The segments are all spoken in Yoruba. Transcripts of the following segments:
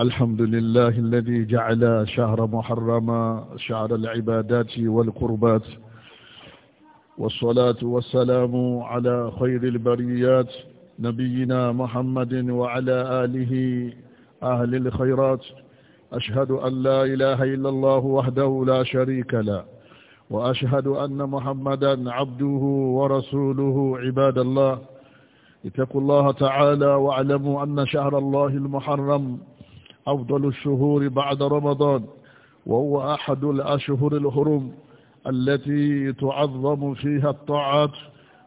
الحمد لله الذي جعل شهر محرم شهر العبادات والقربات والصلاة والسلام على خير البريات نبينا محمد وعلى آله أهل الخيرات أشهد أن لا إله إلا الله وحده لا شريك له وأشهد أن محمدا عبده ورسوله عباد الله اتقوا الله تعالى واعلموا أن شهر الله المحرم أفضل الشهور بعد رمضان وهو أحد الأشهر الهرم التي تعظم فيها الطاعات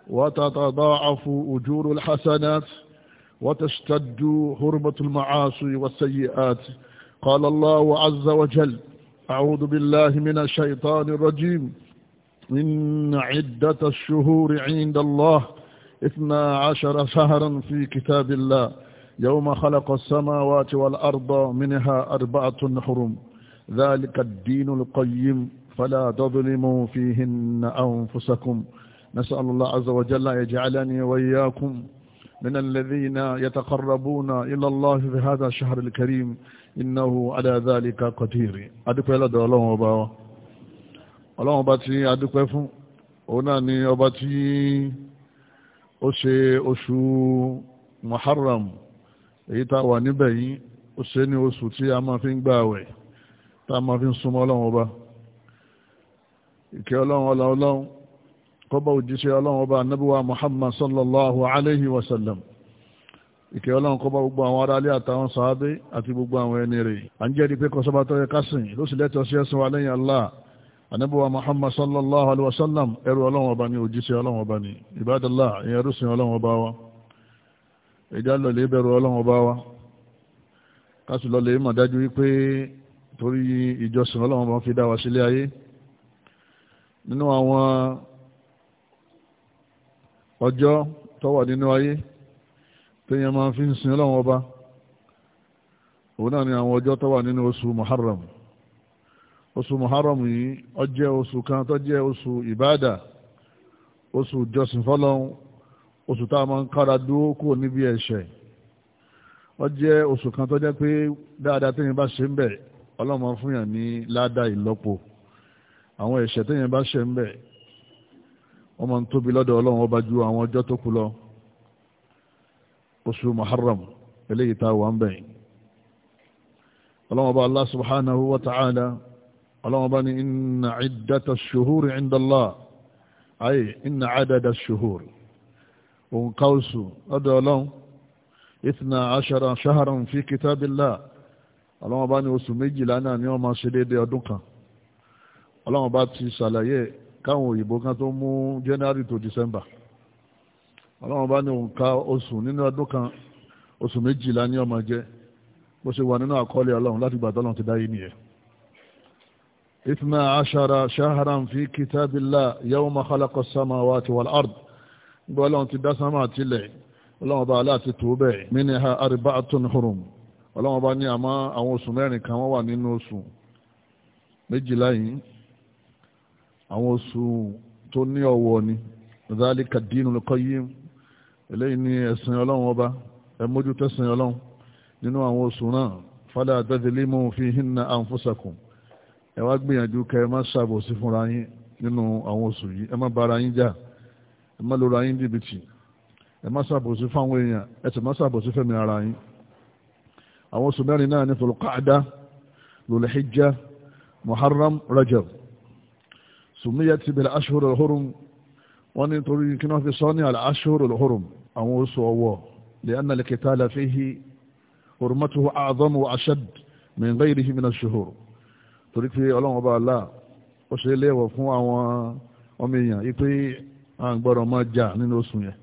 وتتضاعف أجور الحسنات وتشتد هرمة المعاصي والسيئات قال الله عز وجل أعوذ بالله من الشيطان الرجيم إن عدة الشهور عند الله إثنى عشر شهرا في كتاب الله يوم خلق السماوات والأرض منها أربعة حرم ذلك الدين القيم فلا تظلموا فيهن أنفسكم نسأل الله عز وجل يجعلني وإياكم من الذين يتقربون إلى الله في هذا الشهر الكريم إنه على ذلك قدير أدوك إلى دولة وباوة ọlọ́run ọba tí adúpẹ́ fún òun náà ni ọba tí ó ṣe oṣù muharram èyí tá wà níbẹ̀ yìí ó ṣe ní oṣù tí a máa fi ń gba àwẹ̀ tá a máa fi ń súnmọ́ ọlọ́run ọba ìkẹ́ ọlọ́run ọlá ọlọ́run kọ́bọ̀ òjíṣẹ́ ọlọ́run ọba anábíwá muhammad sallallahu alayhi wa sallam ìkẹ́ ọlọ́run kọ́bọ̀ gbogbo àwọn aráalé àtàwọn sàábé àti gbogbo àwọn ẹni rẹ̀ à ń jẹ́rìí pé kọ́sọ́bà tó kásìn ló sì lẹ́tọ̀ọ́ sí ẹ̀sìn wa lẹ́yìn allah anábíwá muhammad sallallahu alayhi wa sallam ẹrú ọlọ́run ọba ni òjíṣẹ́ ọlọ́run ọba ni ibadallah ìyẹn rúṣin ọlọ́run ọba wa ẹjá lọ́lẹ̀ bẹ̀rù ọlọ́run ọba wa kásù lọ́lẹ̀ mọ̀ dájú wípé torí ìjọsìn ọlọ́run ọba fi dá wa sílé ayé nínú àwọn ọjọ́ tó wà nínú ayé téèyàn máa fi ń sin ọlọ́run ọba òun náà ni àwọn ọjọ́ tó wà nínú oṣù Muharram oṣù Muharram yìí ó oṣù kan tó oṣù ìbáàdà oṣù ìjọsìn fọlọ́run oṣù tá a máa ń kára dúró kúrò níbi ẹ̀ṣẹ̀ ó jẹ́ oṣù kan tó jẹ́ pé dáadáa téèyàn bá ṣe ń bẹ̀ ọlọ́run máa fún yàn ní ládàá ìlọ́po àwọn ẹ̀ṣẹ̀ téèyàn bá ṣe ń bẹ̀ wọ́n máa ń tóbi lọ́dọ̀ ọlọ́run ọba ju àwọn ọjọ́ tó kù lọ oṣù muharram eléyìí tá a wà ń bẹ̀ ọlọ́run ọba allah subhanahu wa ta'ala ọlọ́run ọba ní inna iddata shuhuri inda ayé inna adada shuhuri. òǹkà oṣù lọ́dọ̀ ọlọ́run ìtìnà aṣara ṣaharan fi kitabillah ọlọ́run ní oṣù méjìlá náà ni wọ́n máa ṣe déédéé ọdún kan ọlọ́run ọba ti ṣàlàyé káwọn òyìnbó kan tó mú to December ọlọ́run bá ní òǹkà oṣù nínú ọdún kan oṣù méjìlá ni wọ́n máa jẹ́ bó ṣe wà nínú àkọọ́lẹ̀ ọlọ́run láti gbà tọ́lọ́run ti dá yìí nìyẹn fi bí ọlọ́run ti dá sánmà tilẹ̀ ọlọ́run ọba aláàtì tó bẹ́ẹ̀ minha arba'atun hurum ọlọ́run ọba ní àmọ́ àwọn oṣù mẹ́rin kan wọ́n wà nínú oṣù méjìlá yìí àwọn oṣù tó ní ọ̀wọ̀ ni zalika dinul qayyim eléyìí ní ẹ̀sìn ọlọ́run ẹ mójú tẹ̀sìn ọlọ́run nínú àwọn oṣù náà fala tadhlimu fihinna anfusakum ẹ wá gbìyànjú kẹ ẹ má ṣàbòsí fúnra yín nínú àwọn oṣù yìí ẹ má bára yín jà ẹ má lóra yín jìbìtì ẹ má ṣàbòsí fáwọn èèyàn ẹ sì má ṣàbòsí fẹ́mi ara yín àwọn oṣù mẹ́rin náà ní Dhul-Qa'dah Dhul-Hijjah Muharram Rajab sùmíyà ti bil ashhur al-hurum wọ́n ní torí kí wọ́n fi sọ ní al-ashhur al-hurum àwọn oṣù ọwọ́ li'anna al-qitala fihi hurmatuhu a'zamu wa ashad min ghayrihi min ash-shuhur torí pé ọlọ́run ọba àlá ó ṣe léèwọ̀ fún àwọn ọmọ èèyàn yìí pé àwọn gbọ́dọ̀ máa jà nínú oṣù yẹn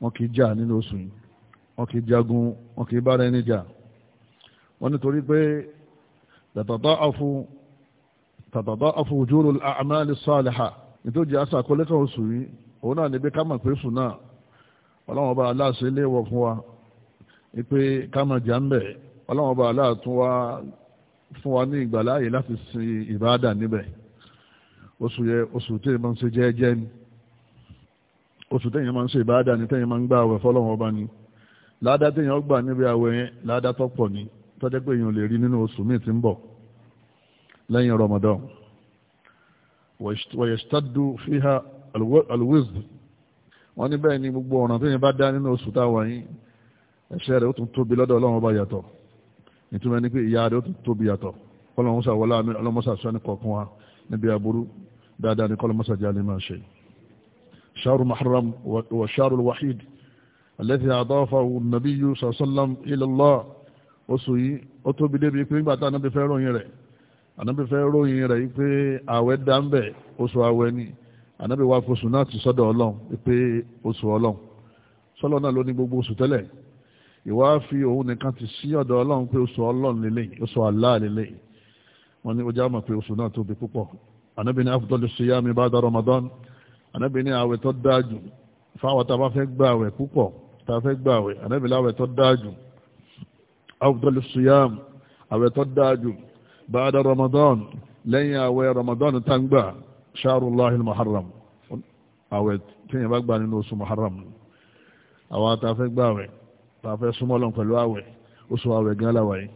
wọ́n kì í jà nínú oṣù yìí wọ́n kì í jagun wọ́n kì í bára ẹni jà wọ́n nítorí pé afu tàtàtàáfù ojúrò àmàlì sọ́ọ̀lẹ̀hà nítorí àṣà kọ́lẹ́kọ̀ oṣù yìí òun náà níbi kámà pé sùn náà ọlọ́wọ́n bá aláṣẹ fún wa pé kámà jà ń bẹ̀ ọlọ́wọ́n bá aláàtún wa fún wa ní ìgbàláyè láti sin níbẹ̀ oṣù yẹ oṣù tí èèyàn máa ń ṣe jẹ́ẹ́jẹ́ ni oṣù téèyàn máa ń ṣe ìbáadà ni téèyàn máa ń gba àwẹ̀ fọ́lọ́wọ́n ọba ni ládá téèyàn gbà níbi àwẹ̀ yẹn ládá tọ́pọ̀ ni tọ́jẹ́ pé èèyàn lè rí nínú oṣù míì tí ń bọ̀ lẹ́yìn Ramadan wọ̀yẹ̀ṣtádù fíhà alwizd wọ́n ní bẹ́ẹ̀ ni gbogbo ọ̀ràn téèyàn bá dá nínú oṣù táwa yìí ẹ̀ṣẹ̀ rẹ̀ ó dáadáa ní kọ́lọ̀ mọ́sàjá lè máa ṣe ṣáàrù maharam wa ṣáàrù wahid alẹ́fẹ́ àdọ́fà nàbí yú sàṣọ́lám ilallah oṣù yìí ó tóbi débi pé nígbà tá anábì fẹ́ ròyìn rẹ̀ anábì fẹ́ ròyìn rẹ̀ pé àwẹ̀ dá ń bẹ̀ oṣù àwẹ̀ ni anábì wá fosùn náà ti sọ́dọ̀ ọlọ́run pé oṣù ọlọ́run sọ́lọ́ náà ló ní gbogbo oṣù tẹ́lẹ̀ ìwá fi òun nìkan ti sí ọ̀dọ̀ ọlọ́run pé oṣù ọlọ́run lélẹ̀ oṣù àlá lélẹ̀ wọ́n ní ó já mọ̀ pé oṣù náà tóbi púpọ̀ ànábì ní afdọ́lù síyámi ba'da Ramadan ànábì ní àwẹ̀ tó dájú fáwọn tá a bá fẹ́ gbà àwẹ̀ púpọ̀ tá a fẹ́ gbà àwẹ̀ ànábì láwẹ̀ tó dájú afdọ́lù síyámi àwẹ̀ tó dájú ba'da Ramadan lẹ́yìn àwẹ̀ Ramadan tá ń gbà shahrullahil muharram àwẹ̀ tíyẹn bá gbà nínú oṣù muharram àwọn àtàfẹ́ gbà àwẹ̀ tàfẹ́ súnmọ́ lọ pẹ̀lú àwẹ̀ oṣù àwẹ̀ gan láwàá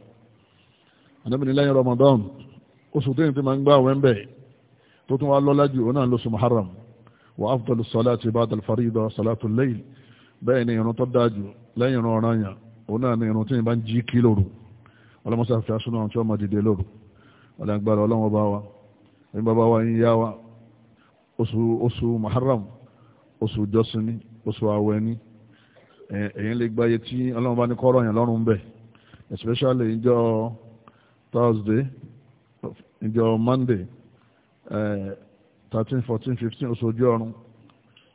ànábì ní lẹ́yìn Ramadan oṣù tíyẹn ti máa ń gbà àwẹ̀ ń bẹ̀ẹ́ tó tún wá lọ́lá jù ọ̀nà lóṣù muharram wà afdal salati ba'da al-farida salatul layl bẹ́ẹ̀ ni irun tó dájú lẹ́yìn irun ọ̀ràn yàn ọ̀nà ni irun tí yìnbá ń jí kí lóru ọlọ́mọsá fi aṣọ́nà àwọn tí wọ́n máa dìde lóru ọlọ́gbàrá ọlọ́wọ́ bá wa ẹni bàbá wa ń yá wa oṣù muharram oṣù jọ́sìn oṣù àwẹ̀ èyí lè gba iye tí ọlọ́run ní monday Eh, thirteen fourteen fifteen oṣù ojú ọrùn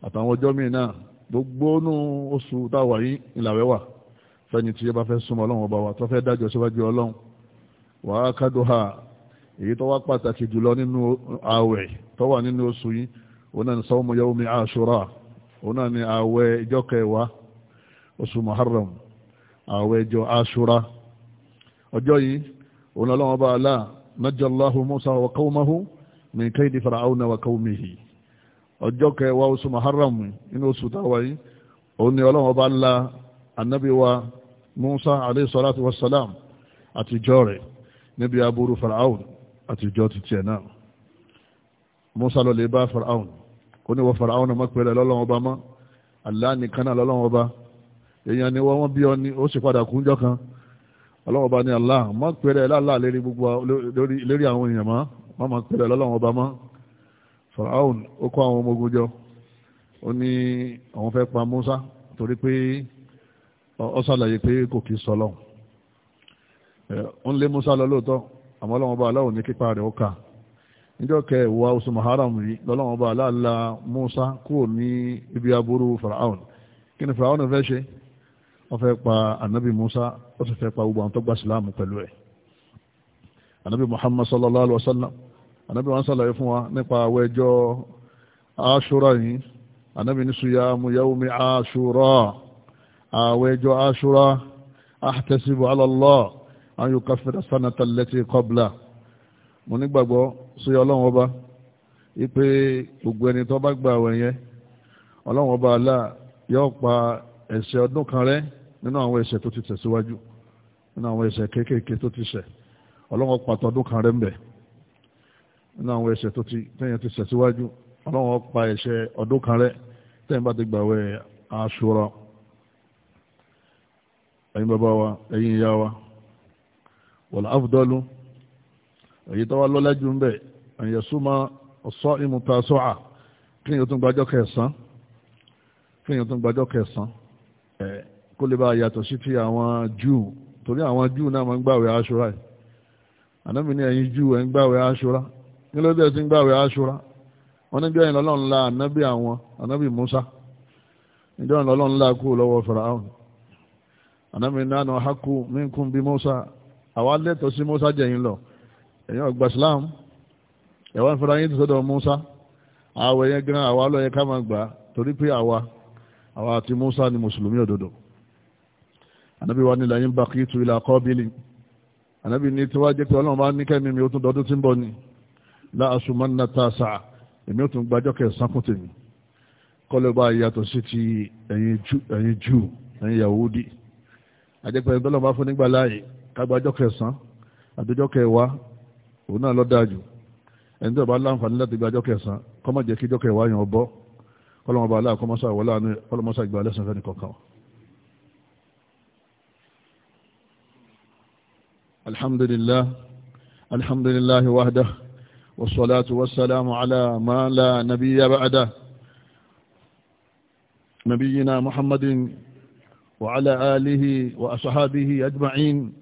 àtàwọn ọjọ́ míì náà gbogbo nú oṣù táwa yìí ìlàwẹ́ wà fẹ́ni tí yẹn bá fẹ́ súnmọ́ ọlọ́run ọba wa tó fẹ́ dájọ́ síwájú ọlọ́run wàá kádùhà èyí tó wá pàtàkì jùlọ nínú ààwẹ̀ tó wà nínú oṣù yìí òun náà ní sawmu yawmi àṣúrà òun náà ní ààwẹ̀ ìjọ kẹwàá oṣù muharram ààwẹ̀ ìjọ àṣúrà ọjọ́ yìí òun ọlọ́run ọba Allah najjallahu Musa wa qawmahu min kaidi farauna wa qaumihi ọjọ́ kẹwàá oṣù muharram inú oṣù táwa yìí òun ni ọlọ́run ọba ńlá anabi wa musa alayhi salatu wa salam àti ìjọ rẹ̀ níbi aburú faraun àti ìjọ ti tiẹ̀ náà musa lọ lè bá faraun kó ní wọ faraun ọmọ pẹ̀lú ọlọ́run ọba mọ́ Allah nìkan náà lọ́lọ́run ọba èèyàn ni wọ́n bí ọ ni ó sì padà kúnjọ́ kan ọlọ́run ọba ni Allah mọ́ pẹ̀lú láàlá lérí àwọn èèyàn mọ́ wọ́n máa pẹ̀lẹ̀ lọ́lọ́wọ́n ọba mọ́ faraon ó kó àwọn ọmọ ogun jọ ó ní àwọn fẹ́ pa Musa torí pé ó ṣàlàyé pé kò kí sọ lọ́hùn ó ń lé Musa lọ lóòótọ́ àmọ́ ọlọ́wọ́n ọba aláwọ̀ ní kípa rẹ̀ ó kà níjọ́ kẹwàá oṣù maharam yìí lọ́lọ́wọ́n ọba aláàlá Musa kúrò ní ibi aburú faraon kí ni faraon fẹ́ ṣe wọ́n fẹ́ pa anabi Musa ó sì fẹ́ pa gbogbo àwọn tó gbà sílámù pẹ̀lú ẹ̀ anabi muhammad sallallahu alaihi wasallam anabi wọn sàlàyé fún wa nípa àwọn ẹjọ́ aṣúra yìí anabi ní suyamu yaumi aṣúra àwọn ẹjọ́ aṣúra ahtasibu ala Allah an yukaffira sanata allati qabla mo nígbàgbọ́ sí ọlọ́run ọba ipe gbogbo ẹni tó bá gba àwẹ̀ yẹn ọlọ́run ọba alá yóò pa ẹ̀ṣẹ̀ ọdún kan rẹ́ nínú àwọn ẹ̀ṣẹ̀ tó ti tẹ̀síwájú nínú àwọn ẹ̀ṣẹ̀ kéékèèké tó ti ṣẹ̀ ọlọ́run pa tọdún kan rẹ̀ ń bẹ̀ nínú àwọn ẹ̀ṣẹ̀ tó ti tẹ́yìn ti ṣẹ̀síwájú ọlọ́run pa ẹ̀ṣẹ̀ ọdún kan rẹ̀ tẹ́yìn bá ti gbàwẹ̀ aṣọra ẹ̀yin bàbá wa ẹ̀yin ìyá wa wọ̀lá afdọ́lù èyí tó wá lọ́lá jù ń bẹ̀ ẹ̀yẹ súnmọ́ ọ̀sọ́ ìmúta sọ́à kí èèyàn tún gbàjọ́ kẹsàn-án kí èèyàn tún gbàjọ́ kẹsàn-án ẹ̀ kó lè bá yàtọ̀ sí ti àwọn Júù torí àwọn Júù náà máa ń gbàwẹ̀ aṣọra yìí ànábì ní ẹ̀yin jù ẹ̀ ń gbàwẹ̀ aṣúra kí ló dé tí ń gbàwẹ̀ aṣúra wọ́n ní jọ́yìn lọ́lọ́run la ànábì àwọn ànábì Musa ìjọ́yìn lọ́lọ́run la kú lọ́wọ́ Fáráò ànábì nánà haku minkum bí Musa àwa lẹ́tọ̀ sí Musa jẹ̀yìn lọ ẹ̀yin ọgbà Islam ẹ̀wọ́n fẹ́ra yín ti sọ́dọ̀ Musa àwẹ̀ yẹn gan àwa ló yẹ ká máa gbà torí pé àwa àwa àti Musa ni mùsùlùmí òdodo ànábì wa nílẹ̀ yín bá kí tu ilà kọ́ bílì ànábì ní tí wàá jẹ́ pé ọlọ́run bá ní kẹ́mi mi ó tún dọdún tí ń bọ̀ ni láàṣùmọ́ ní ta sàá èmi ó tún gbàjọ́ kẹsàn-án kún tèmi kọ́lẹ̀ bá yàtọ̀ sí ti ẹ̀yin jù ẹ̀yin yahudi àjẹpẹ́ ọlọ́run bá fún nígbà láàyè kágbàjọ́ kẹsàn-án àdójọ́ kẹwàá òun náà lọ́ dáa jù ẹni tí ọba láǹfààní láti gbàjọ́ kẹsàn-án kọ́mọ̀ jẹ́ kíjọ́ kẹwàá yàn ọ bọ́ kọ́lọ́mọba aláàkọ́mọ́sà wọlé àánú kọ́lọ́mọ́sà الحمد لله الحمد لله وحده والصلاة والسلام على ما لا نبي بعده نبينا محمد وعلى آله وأصحابه أجمعين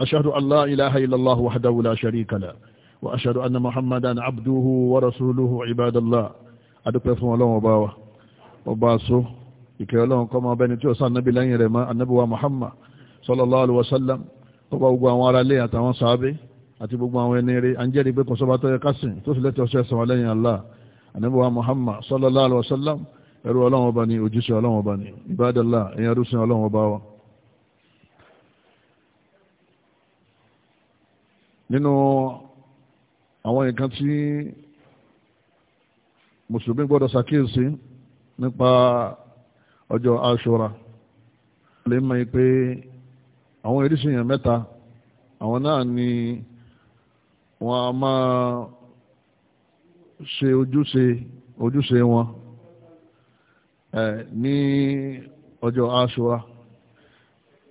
أشهد أن لا إله إلا الله وحده لا شريك له وأشهد أن محمدا عبده ورسوله عباد الله أدوك رسول الله وباوة وباسو يكي الله كما بين توسى النبي لن يرمى النبي محمد صلى الله عليه وسلم ọba gbogbo àwọn ará ilé àtàwọn sàábé àti gbogbo àwọn ẹni rí anjẹ́rìí pé kọsọ́bá tó yẹ kásìn tó sì lẹ́tọ̀ ṣe ẹ̀sán lẹ́yìn Allah ànábọ̀wá Muhammad sallallahu alaihi wasallam ẹrú ọlọ́wọ́n ọba ni òjíṣẹ́ ọlọ́wọ́n ọba ni ìbádọ́lá ẹ̀yìn arúsìn ọlọ́wọ́n ọba wa. nínú àwọn eréṣin yẹn mẹ́ta àwọn náà ni wọ́n a máa ṣe ojúṣe ojúṣe wọn ní ọjọ́ aṣọra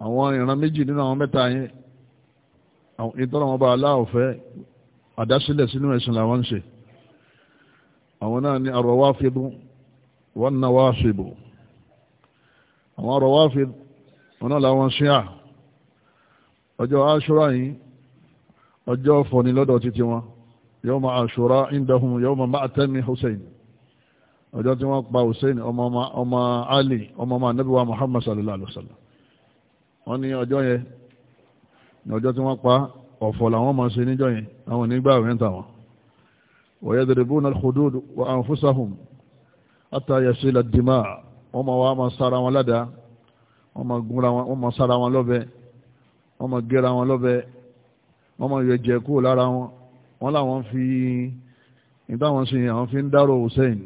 àwọn ìran méjì nínú àwọn mẹ́ta yẹn ìtọ́nà wọn bá aláòfẹ́ àdásílẹ̀ sínú ẹ̀sìn làwọn ń ṣe àwọn náà ni arọwáfíbù wọn náà wáfíbù àwọn arọwáfíbù wọn náà làwọn ṣíà ọjọ́ aṣúra yìí ọjọ́ fọ́ni lọ́dọ̀ títí wọn yawma aṣúra indahum yawma ma'atami hussein ọjọ́ tí wọ́n pa hussein ọmọ ali ọmọ ma nabi wa muhammad sallallahu alaihi wasallam wọ́n ní ọjọ́ yẹn ní ọjọ́ tí wọ́n pa ọ̀fọ̀ làwọn máa ṣe níjọ́ yẹn àwọn nígbà rẹ̀ǹtà wọn wa yadribuna al-hudud wa anfusahum hatta yasila ad-dima' wọ́n máa wá máa sára wọn ládàá wọ́n máa sára wọn lọ́bẹ̀ẹ́ wọ́n máa gẹ́ra wọn lọ́bẹ̀ wọ́n máa yọ ẹ̀jẹ̀ kúrò lára wọn wọ́n láwọn fi ìtàwọn sí àwọn fi ń dárò hussein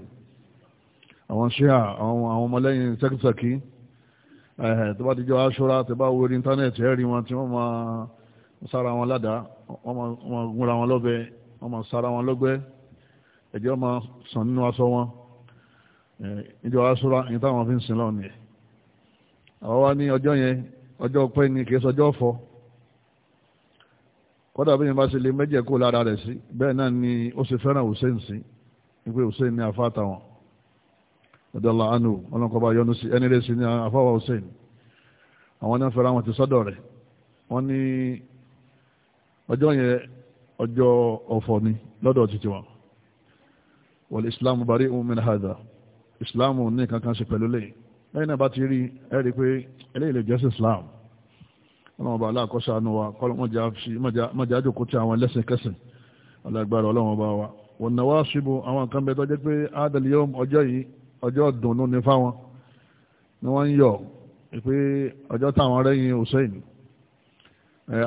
àwọn ṣíà àwọn ọmọlẹ́yìn sẹ́kìsẹ́kì tó bá ti jọ aṣọra tó bá wo íńtánẹ́ẹ̀tì ẹ̀rí wọn tí wọ́n máa sára wọn ládàá wọ́n máa gúnra wọn lọ́bẹ̀ wọ́n máa sára wọn lọ́gbẹ́ ẹ̀jẹ̀ máa sàn nínú aṣọ wọn ìjọ aṣọra ìtàwọn fi ń sin lọ́nìí àwọn wá ní ọjọ́ yẹn ọjọ́ pẹ́ ni kì í sọjọ́ fọ́ kọ́dà bí yẹn bá ṣe lè mẹ́jẹ̀ kó lára rẹ̀ sí bẹ́ẹ̀ náà ni ó ṣe fẹ́ràn Hussein sí wípé Hussein ni afá àtàwọn ọ̀dọ́là anu ọlọ́nkọ́ba yọnu sí ẹni rẹ̀ sí ní afáwà Hussein àwọn náà fẹ́ràn àwọn ti sọ́dọ̀ rẹ̀ wọ́n ní ọjọ́ yẹn ọjọ́ ọ̀fọ̀ ni lọ́dọ̀ títí wọn Islam bari Islam ní kankan pẹ̀lú lẹ́yìn náà bá ti rí ẹ̀rí pé eléyìí lè jẹ́sí Islam ọlọ́run ọba aláàkọ́ṣe àánú wa kọ́ mọ̀já àjòkó tí àwọn ẹlẹ́sìn kẹsìn alágbára ọlọ́run ọba wa wọn náà wá síbu àwọn nǹkan bẹ tó jẹ́ pé ádàlẹ́ yóò ọjọ́ yìí ọjọ́ dùnú ní fáwọn ni wọ́n ń yọ̀ pé ọjọ́ táwọn rẹ́yìn Hussein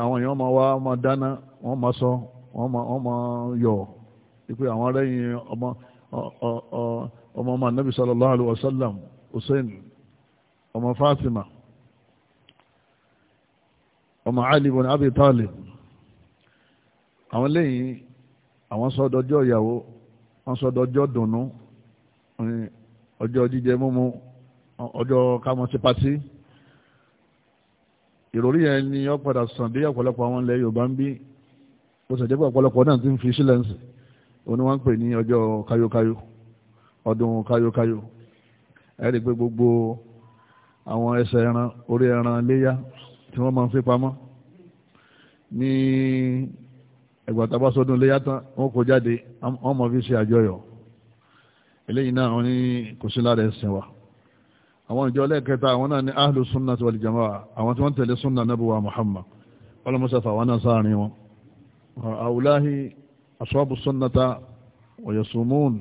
àwọn èèyàn máa wá máa dáná wọ́n máa sọ wọ́n máa yọ̀ pé àwọn rẹ́yìn ọmọ ọmọ ọmọ Nabi sallallahu Hussein ọmọ Fatima ọmọ Ali ibn Abi Talib àwọn lẹ́yìn àwọn sọdọjọ́ ìyàwó wọ́n sọdọjọ́ dùnú ọjọ́ jíjẹ múmu ọjọ́ kámọ́típátí ìròrí yẹn ni ó padà sàn dé ọ̀pọ̀lọpọ̀ àwọn ilẹ̀ Yorùbá ń bí ó sì jẹ́pọ̀ ọ̀pọ̀lọpọ̀ náà ti ń fi sílẹ̀nsì òní wọ́n ń pè ní ọjọ́ kayokayo ọdún kayokayo ẹ̀rí pé gbogbo àwọn ẹsẹ̀ ẹran orí ẹran léyà tí wọ́n máa ń fi pamọ́ ní ẹgbà tá a bá sọdún léyà tán wọ́n kó jáde wọ́n máa fi ṣe àjọyọ̀ eléyìí náà wọ́n ní kò sí lára ẹ̀sìn wa àwọn ìjọ lẹ́ẹ̀kẹta àwọn náà ní ahlu sunna wal jamaa àwọn tí wọ́n tẹ̀lé sunna nabuwa muhammad ọlọ́mọsẹ́fà àwọn náà sáàrin wọn àwùláhì ashabu sunnata wa yasumun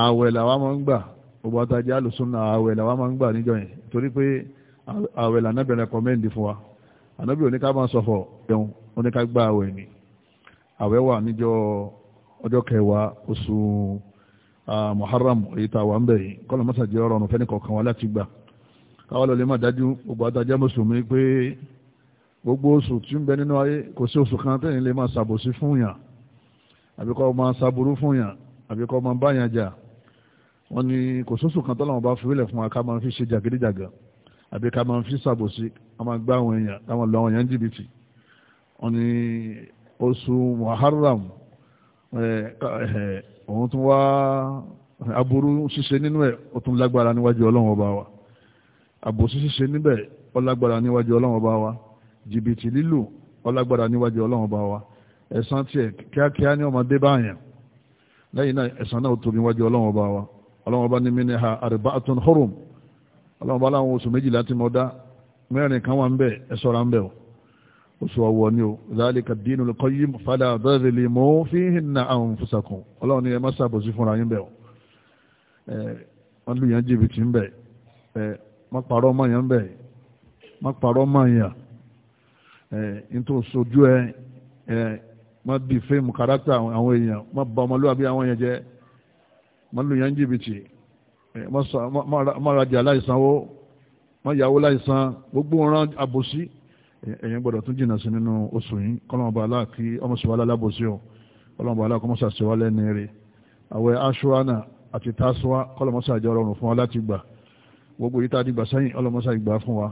àwẹ̀ làwọn máa ń gbà gbogbo àtàjẹ́ alùsùnà àwẹ̀ làwọn máa ń gbà níjọ yẹn torí pé àwẹ̀ lànàbẹ̀ rẹ̀kọ́mẹ́ndì fún wa ànábì oníká máa sọ̀fọ̀ ẹ̀hún oníká gba àwẹ̀ ni àwẹ̀ wà níjọ ọjọ́ kẹwàá oṣù Muharram èyí tá wà ń bẹ̀ yìí kọ́lọ̀ mọ́sà jẹ́ ọ̀rọ̀ ọ̀nàfẹ́ nìkọ̀ọ̀kan wa láti gbà káwọn lọ lè má dájú gbogbo àtàjẹ́ mùsùlùmí pé gbogbo oṣù tí ń bẹ nínú ayé kò sí oṣù kan tẹ́yìn lè máa ṣàbòsí fún yàn àbíkọ́ máa ṣàbùrú wọ́n ní kò sóṣù kan tọ́lá wọn bá fi wílẹ̀ fún wa ká máa fi ṣe jàgídíjàgà àbí ká máa fi ṣàbòsí ká máa gbá àwọn èèyàn ká máa lọ àwọn èèyàn jìbìtì wọ́n ní oṣù muharram òun tún wá aburú ṣíṣe nínú ẹ̀ ó tún lágbára níwájú ọlọ́run ọba wa àbòsí ṣíṣe níbẹ̀ ó lágbára níwájú ọlọ́run ọba wa jìbìtì lílù ó lágbára níwájú ọlọ́run ọba wa ẹ̀san tiẹ̀ kíákíá ní ọmọdé báyàn lẹ́yìn náà ẹ̀san náà ó tóbi níwájú ọlọ́run ọba wa ọlọ́run ọba ní minha arba'atun hurum ọlọ́run ọba láwọn oṣù méjìlá tí mo dá mẹ́rin kan wà ń bẹ̀ ẹ ṣọ́ra ń bẹ̀ o oṣù ọwọ́ ni o zalika ad-dinul qayyim fala tazlimu fihinna anfusakum ọlọ́run ni ẹ má ṣàbòsí fúnra yín bẹ̀ o wọ́n lù yẹn jìbìtì ń bẹ̀ má parọ́ mọ́ yẹn ń bẹ̀ má parọ́ mọ́ yẹn nítorí sojú ẹ má bí fíìmù kárátà àwọn èèyàn má bà ọmọlúwàbí àwọn èèyàn jẹ́ má lu yan jìbìtì má rajà láìsanwó má yàwó láìsan gbogbo ran àbòsí èyàn gbọ́dọ̀ tún jìnnà sí nínú oṣù yìí kọ́lọ́mọba aláàkí ọmọ sọ̀wálá lábòsí o kọ́lọ́mọba aláàkí ọmọ sàṣẹwá lẹ́ni rẹ̀ àwẹ̀ aṣọ́ánà àti tásọ́á kọ́lọ́mọsà jẹ́ ọlọ́run fún wa láti gbà gbogbo èyí tá a ti gbà sẹ́yìn ọlọ́mọsà ìgbà fún wa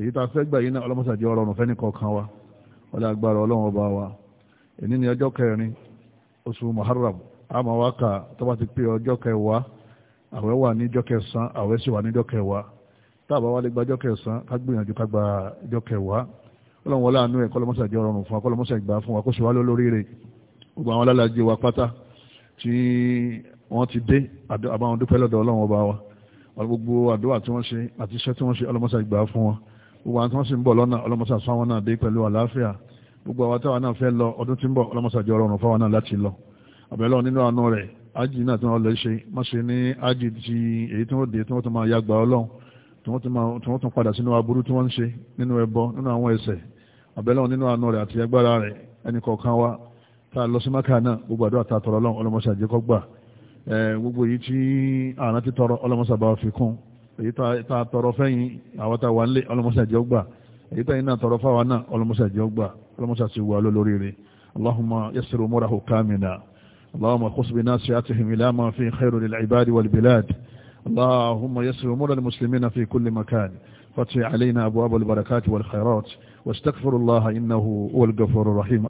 èyí tá a fẹ́ gbà yìí náà ọlọ́mọsà jẹ́ ọlọ́run fẹ́ni àmọ́ wá kà tó bá ti pé ọjọ́ kẹwàá àwẹ̀ wà níjọ́ kẹsàn-án àwẹ̀ sì wà níjọ́ kẹwàá táàbà wà lè gba ọjọ́ kẹsàn-án ká gbìyànjú ká gba ọjọ́ kẹwàá ọlọ́run wọlé àánú ẹ̀ kọ́lọ́mọ́sà jẹ́ ọrọ̀rùn fún wa kọ́lọ́mọ́sà ìgbà fún wa kó sì wá lórí rẹ̀ gbogbo àwọn alálàájì wa pátá tí wọ́n ti dé àbáwọn dúpẹ́ lọ́dọ̀ ọlọ́run ọba wa gbogbo àdúrà tí wọ́n ṣe àti iṣẹ́ tí wọ́n ṣe ọlọ́mọ́sà ìgbà fún wọn gbogbo àwọn tí wọ́n sì ń bọ̀ lọ́nà ọlọ́mọ́sà sáwọn náà dé pẹ̀lú àlàáfíà gbogbo àwọn táwọn náà fẹ́ lọ ọdún tí ń bọ̀ ọlọ́mọ́sà jẹ́ ọrọ̀rùn fáwọn náà láti lọ àbẹ̀lọ́ nínú àánú rẹ̀ ájì náà tí wọ́n lọ ṣe má ṣe ní ájì ti èyí tí wọ́n dé tí wọ́n tún máa ya gbà ọlọ́run tí wọ́n tún padà sínú aburú tí wọ́n ń ṣe nínú ẹbọ nínú àwọn ẹ̀ṣẹ̀ àbẹ̀lọ́ nínú àánú rẹ̀ àti agbára rẹ̀ ẹnì kọ̀ọ̀kan wa tá a lọ sí Mákà náà gbogbo àdúrà tá a ọlọ́run ọlọ́mọṣà jẹ́ gbà gbogbo èyí tí àrùn ti tọrọ ọlọ́mọṣà bá fi kún èyí tá a tọrọ fẹ́yìn àwọn tá a wà nílé ọlọ́mọṣà jẹ́ gbà èyí tá a yín tọrọ fáwọn náà ọlọ́mọṣà jẹ́ gbà ọlọ́mọṣà sì wà lólórí rẹ̀ Allahumma yassir umurahu kamina اللهم خص بناصياتهم إلى ما فيه خير للعباد والبلاد اللهم يسر أمور المسلمين في كل مكان فتح علينا أبواب البركات والخيرات واستغفر الله إنه هو الغفور الرحيم